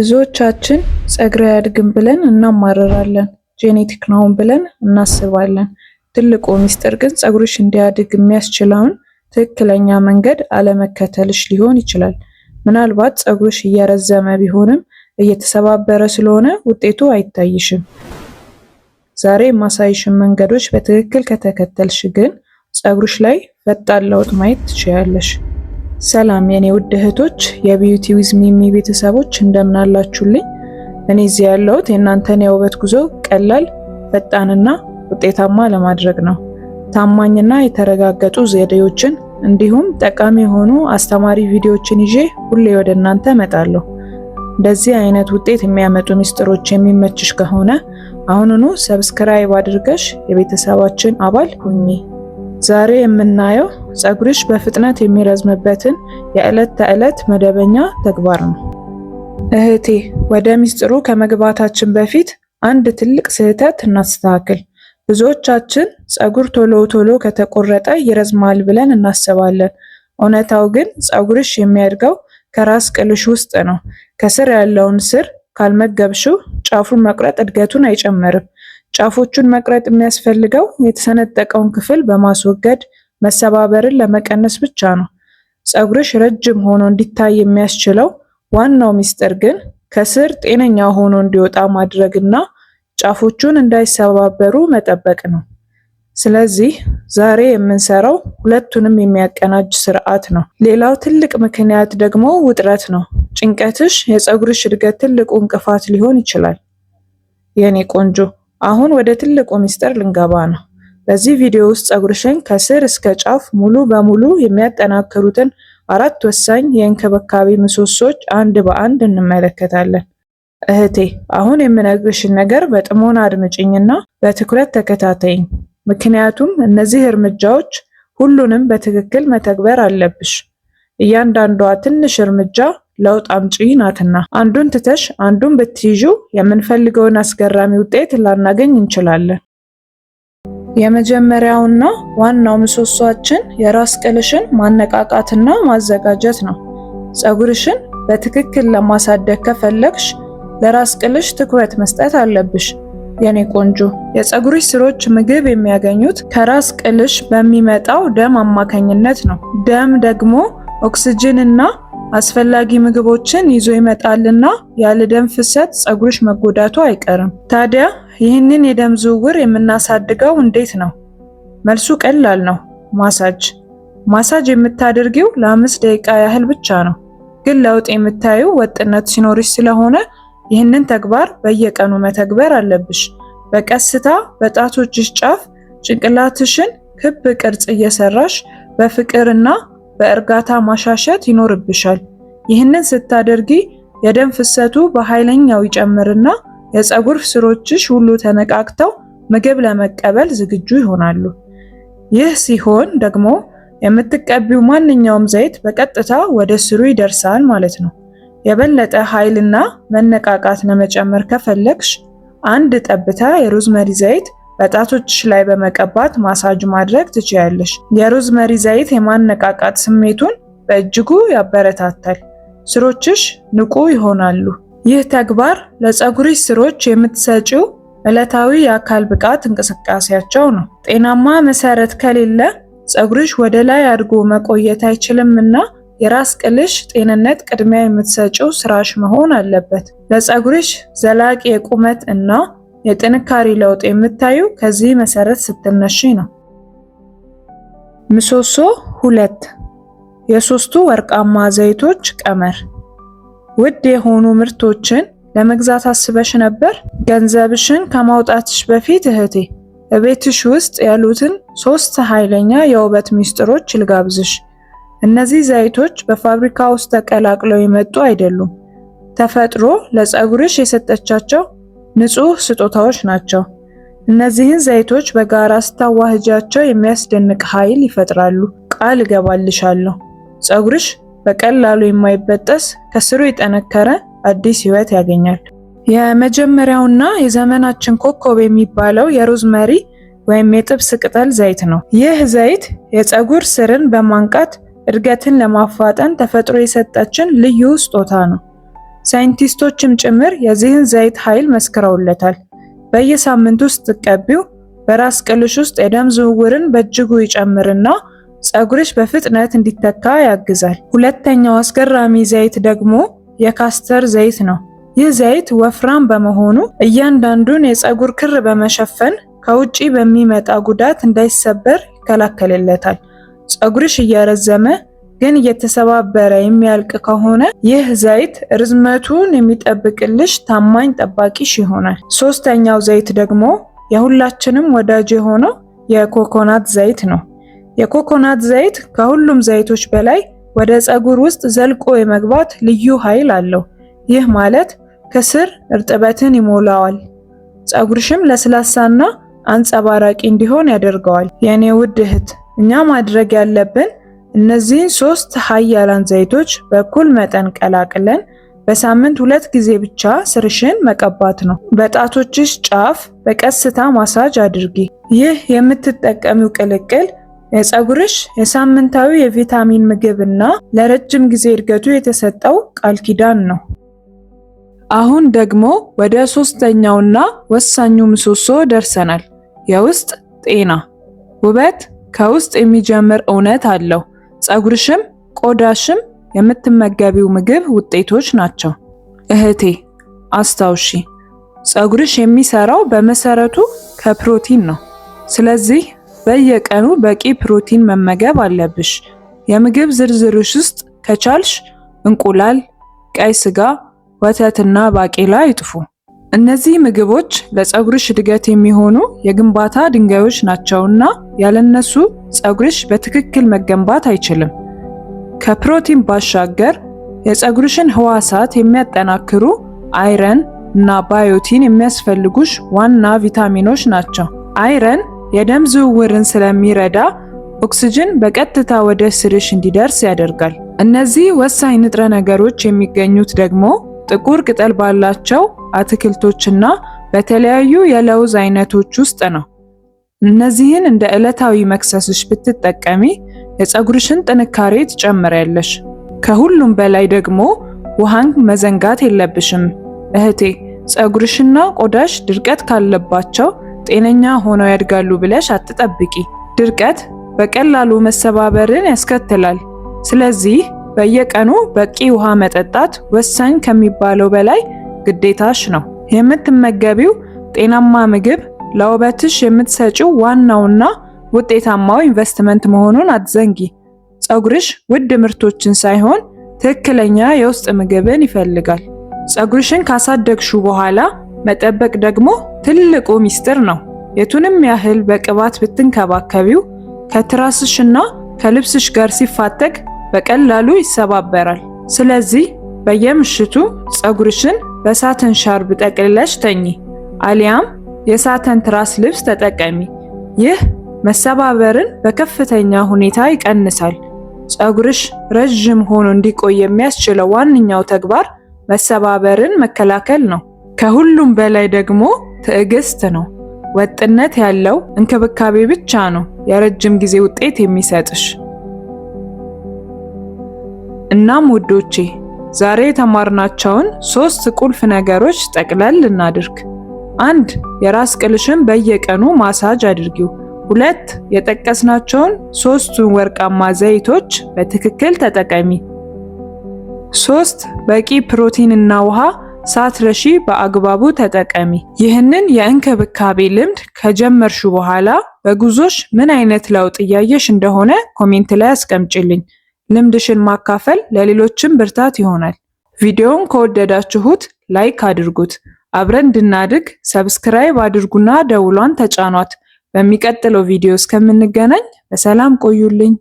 ብዙዎቻችን ፀጉሬ አያድግም ብለን እናማረራለን ጄኔቲክ ነውን ብለን እናስባለን። ትልቁ ሚስጥር ግን ፀጉርሽ እንዲያድግ የሚያስችለውን ትክክለኛ መንገድ አለመከተልሽ ሊሆን ይችላል። ምናልባት ፀጉርሽ እየረዘመ ቢሆንም እየተሰባበረ ስለሆነ ውጤቱ አይታይሽም። ዛሬ የማሳይሽን መንገዶች በትክክል ከተከተልሽ ግን ፀጉርሽ ላይ ፈጣን ለውጥ ማየት ትችያለሽ። ሰላም የኔ ውድ እህቶች የቢዩቲ ዊዝ ሚሚ ቤተሰቦች እንደምን አላችሁልኝ? እኔ እዚህ ያለሁት የእናንተን የውበት ጉዞ ቀላል፣ ፈጣንና ውጤታማ ለማድረግ ነው። ታማኝና የተረጋገጡ ዘዴዎችን እንዲሁም ጠቃሚ የሆኑ አስተማሪ ቪዲዮዎችን ይዤ ሁሌ ወደ እናንተ እመጣለሁ። እንደዚህ አይነት ውጤት የሚያመጡ ሚስጥሮች የሚመችሽ ከሆነ አሁኑኑ ሰብስክራይብ አድርገሽ የቤተሰባችን አባል ሁኚ። ዛሬ የምናየው ፀጉርሽ በፍጥነት የሚረዝምበትን የዕለት ተዕለት መደበኛ ተግባር ነው። እህቴ፣ ወደ ሚስጥሩ ከመግባታችን በፊት አንድ ትልቅ ስህተት እናስተካክል። ብዙዎቻችን ፀጉር ቶሎ ቶሎ ከተቆረጠ ይረዝማል ብለን እናስባለን። እውነታው ግን ፀጉርሽ የሚያድገው ከራስ ቅልሽ ውስጥ ነው። ከስር ያለውን ስር ካልመገብሽው ጫፉን መቁረጥ እድገቱን አይጨምርም። ጫፎቹን መቁረጥ የሚያስፈልገው የተሰነጠቀውን ክፍል በማስወገድ መሰባበርን ለመቀነስ ብቻ ነው። ፀጉርሽ ረጅም ሆኖ እንዲታይ የሚያስችለው ዋናው ሚስጥር ግን ከስር ጤነኛ ሆኖ እንዲወጣ ማድረግና ጫፎቹን እንዳይሰባበሩ መጠበቅ ነው። ስለዚህ ዛሬ የምንሰራው ሁለቱንም የሚያቀናጅ ስርዓት ነው። ሌላው ትልቅ ምክንያት ደግሞ ውጥረት ነው። ጭንቀትሽ የፀጉርሽ እድገት ትልቁ እንቅፋት ሊሆን ይችላል። የኔ ቆንጆ አሁን ወደ ትልቁ ምስጢር ልንገባ ነው። በዚህ ቪዲዮ ውስጥ ጸጉርሽን ከስር እስከ ጫፍ ሙሉ በሙሉ የሚያጠናክሩትን አራት ወሳኝ የእንክብካቤ ምሰሶች አንድ በአንድ እንመለከታለን። እህቴ አሁን የምነግርሽን ነገር በጥሞና አድምጭኝና በትኩረት ተከታተይኝ፣ ምክንያቱም እነዚህ እርምጃዎች ሁሉንም በትክክል መተግበር አለብሽ። እያንዳንዷ ትንሽ እርምጃ ለውጥ አምጪ ናትና አንዱን ትተሽ አንዱን ብትይዡ የምንፈልገውን አስገራሚ ውጤት ላናገኝ እንችላለን። የመጀመሪያውና ዋናው ምሰሷችን የራስ ቅልሽን ማነቃቃትና ማዘጋጀት ነው። ፀጉርሽን በትክክል ለማሳደግ ከፈለግሽ ለራስ ቅልሽ ትኩረት መስጠት አለብሽ። የኔ ቆንጆ የፀጉርሽ ስሮች ምግብ የሚያገኙት ከራስ ቅልሽ በሚመጣው ደም አማካኝነት ነው። ደም ደግሞ ኦክስጅንና አስፈላጊ ምግቦችን ይዞ ይመጣልና ያለ ደም ፍሰት ፀጉርሽ መጎዳቱ አይቀርም። ታዲያ ይህንን የደም ዝውውር የምናሳድገው እንዴት ነው? መልሱ ቀላል ነው። ማሳጅ። ማሳጅ የምታደርጊው ለአምስት ደቂቃ ያህል ብቻ ነው፣ ግን ለውጥ የምታዩ ወጥነት ሲኖርሽ ስለሆነ ይህንን ተግባር በየቀኑ መተግበር አለብሽ። በቀስታ በጣቶችሽ ጫፍ ጭንቅላትሽን ክብ ቅርጽ እየሰራሽ በፍቅርና በእርጋታ ማሻሸት ይኖርብሻል። ይህንን ስታደርጊ የደም ፍሰቱ በኃይለኛው ይጨምርና የፀጉር ስሮችሽ ሁሉ ተነቃቅተው ምግብ ለመቀበል ዝግጁ ይሆናሉ። ይህ ሲሆን ደግሞ የምትቀቢው ማንኛውም ዘይት በቀጥታ ወደ ስሩ ይደርሳል ማለት ነው። የበለጠ ኃይልና መነቃቃት ለመጨመር ከፈለግሽ አንድ ጠብታ የሮዝመሪ ዘይት በጣቶች ላይ በመቀባት ማሳጅ ማድረግ ትችያለሽ። የሮዝመሪ ዘይት የማነቃቃት ስሜቱን በእጅጉ ያበረታታል። ስሮችሽ ንቁ ይሆናሉ። ይህ ተግባር ለፀጉርሽ ስሮች የምትሰጪው ዕለታዊ የአካል ብቃት እንቅስቃሴያቸው ነው። ጤናማ መሰረት ከሌለ ፀጉርሽ ወደ ላይ አድጎ መቆየት አይችልም እና የራስ ቅልሽ ጤንነት ቅድሚያ የምትሰጪው ስራሽ መሆን አለበት። ለፀጉርሽ ዘላቂ የቁመት እና የጥንካሬ ለውጥ የምታዩ ከዚህ መሰረት ስትነሺ ነው። ምሰሶ ሁለት የሶስቱ ወርቃማ ዘይቶች ቀመር። ውድ የሆኑ ምርቶችን ለመግዛት አስበሽ ነበር? ገንዘብሽን ከማውጣትሽ በፊት እህቴ፣ እቤትሽ ውስጥ ያሉትን ሶስት ኃይለኛ የውበት ሚስጥሮች ልጋብዝሽ። እነዚህ ዘይቶች በፋብሪካ ውስጥ ተቀላቅለው የመጡ አይደሉም። ተፈጥሮ ለፀጉርሽ የሰጠቻቸው ንጹህ ስጦታዎች ናቸው። እነዚህን ዘይቶች በጋራ ስታዋህጃቸው የሚያስደንቅ ኃይል ይፈጥራሉ። ቃል እገባልሻለሁ፣ ፀጉርሽ በቀላሉ የማይበጠስ ከስሩ የጠነከረ አዲስ ህይወት ያገኛል። የመጀመሪያውና የዘመናችን ኮከብ የሚባለው የሮዝመሪ ወይም የጥብስ ቅጠል ዘይት ነው። ይህ ዘይት የፀጉር ስርን በማንቃት እድገትን ለማፋጠን ተፈጥሮ የሰጠችን ልዩ ስጦታ ነው። ሳይንቲስቶችም ጭምር የዚህን ዘይት ኃይል መስክረውለታል። በየሳምንቱ ስትቀቢው በራስ ቅልሽ ውስጥ የደም ዝውውርን በእጅጉ ይጨምርና ጸጉርሽ በፍጥነት እንዲተካ ያግዛል። ሁለተኛው አስገራሚ ዘይት ደግሞ የካስተር ዘይት ነው። ይህ ዘይት ወፍራም በመሆኑ እያንዳንዱን የፀጉር ክር በመሸፈን ከውጪ በሚመጣ ጉዳት እንዳይሰበር ይከላከልለታል። ፀጉርሽ እየረዘመ ግን እየተሰባበረ የሚያልቅ ከሆነ ይህ ዘይት ርዝመቱን የሚጠብቅልሽ ታማኝ ጠባቂሽ ይሆናል። ሶስተኛው ዘይት ደግሞ የሁላችንም ወዳጅ የሆነው የኮኮናት ዘይት ነው። የኮኮናት ዘይት ከሁሉም ዘይቶች በላይ ወደ ፀጉር ውስጥ ዘልቆ የመግባት ልዩ ኃይል አለው። ይህ ማለት ከስር እርጥበትን ይሞላዋል፣ ፀጉርሽም ለስላሳና አንጸባራቂ እንዲሆን ያደርገዋል። የእኔ ውድ እህት፣ እኛ ማድረግ ያለብን እነዚህን ሶስት ሀያላን ዘይቶች በኩል መጠን ቀላቅለን በሳምንት ሁለት ጊዜ ብቻ ስርሽን መቀባት ነው። በጣቶችሽ ጫፍ በቀስታ ማሳጅ አድርጊ። ይህ የምትጠቀሚው ቅልቅል የፀጉርሽ የሳምንታዊ የቪታሚን ምግብ እና ለረጅም ጊዜ እድገቱ የተሰጠው ቃል ኪዳን ነው። አሁን ደግሞ ወደ ሶስተኛውና ወሳኙ ምሰሶ ደርሰናል። የውስጥ ጤና ውበት ከውስጥ የሚጀምር እውነት አለው። ፀጉርሽም ቆዳሽም የምትመገቢው ምግብ ውጤቶች ናቸው። እህቴ አስታውሺ፣ ፀጉርሽ የሚሰራው በመሰረቱ ከፕሮቲን ነው። ስለዚህ በየቀኑ በቂ ፕሮቲን መመገብ አለብሽ። የምግብ ዝርዝርሽ ውስጥ ከቻልሽ እንቁላል፣ ቀይ ስጋ፣ ወተትና ባቄላ ይጥፉ። እነዚህ ምግቦች ለፀጉርሽ እድገት የሚሆኑ የግንባታ ድንጋዮች ናቸውና ያለነሱ ፀጉርሽ በትክክል መገንባት አይችልም። ከፕሮቲን ባሻገር የፀጉርሽን ህዋሳት የሚያጠናክሩ አይረን እና ባዮቲን የሚያስፈልጉሽ ዋና ቪታሚኖች ናቸው። አይረን የደም ዝውውርን ስለሚረዳ ኦክስጅን በቀጥታ ወደ ስርሽ እንዲደርስ ያደርጋል። እነዚህ ወሳኝ ንጥረ ነገሮች የሚገኙት ደግሞ ጥቁር ቅጠል ባላቸው አትክልቶችና በተለያዩ የለውዝ አይነቶች ውስጥ ነው። እነዚህን እንደ ዕለታዊ መክሰስሽ ብትጠቀሚ የፀጉርሽን ጥንካሬ ትጨምሪያለሽ። ከሁሉም በላይ ደግሞ ውሃን መዘንጋት የለብሽም እህቴ። ፀጉርሽና ቆዳሽ ድርቀት ካለባቸው ጤነኛ ሆነው ያድጋሉ ብለሽ አትጠብቂ። ድርቀት በቀላሉ መሰባበርን ያስከትላል። ስለዚህ በየቀኑ በቂ ውሃ መጠጣት ወሳኝ ከሚባለው በላይ ግዴታሽ ነው። የምትመገቢው ጤናማ ምግብ ለውበትሽ የምትሰጪው ዋናውና ውጤታማው ኢንቨስትመንት መሆኑን አትዘንጊ። ፀጉርሽ ውድ ምርቶችን ሳይሆን ትክክለኛ የውስጥ ምግብን ይፈልጋል። ፀጉርሽን ካሳደግሹ በኋላ መጠበቅ ደግሞ ትልቁ ሚስጥር ነው። የቱንም ያህል በቅባት ብትንከባከቢው ከትራስሽና ከልብስሽ ጋር ሲፋተግ በቀላሉ ይሰባበራል። ስለዚህ በየምሽቱ ፀጉርሽን በሳተን ሻርብ ጠቅልለሽ ተኚ፣ አሊያም የሳተን ትራስ ልብስ ተጠቀሚ። ይህ መሰባበርን በከፍተኛ ሁኔታ ይቀንሳል። ፀጉርሽ ረዥም ሆኖ እንዲቆይ የሚያስችለው ዋነኛው ተግባር መሰባበርን መከላከል ነው። ከሁሉም በላይ ደግሞ ትዕግስት ነው። ወጥነት ያለው እንክብካቤ ብቻ ነው የረጅም ጊዜ ውጤት የሚሰጥሽ። እናም ውዶቼ ዛሬ የተማርናቸውን ሶስት ቁልፍ ነገሮች ጠቅለል እናድርግ። አንድ የራስ ቅልሽን በየቀኑ ማሳጅ አድርጊው። ሁለት የጠቀስናቸውን ሶስቱን ወርቃማ ዘይቶች በትክክል ተጠቀሚ። ሶስት በቂ ፕሮቲንና ውሃ ሳትረሺ በአግባቡ ተጠቀሚ። ይህንን የእንክብካቤ ልምድ ከጀመርሹ በኋላ በጉዞሽ ምን አይነት ለውጥ እያየሽ እንደሆነ ኮሜንት ላይ አስቀምጪልኝ። ልምድሽን ማካፈል ለሌሎችም ብርታት ይሆናል። ቪዲዮውን ከወደዳችሁት ላይክ አድርጉት። አብረን እንድናድግ ሰብስክራይብ አድርጉና ደውሏን ተጫኗት። በሚቀጥለው ቪዲዮ እስከምንገናኝ በሰላም ቆዩልኝ።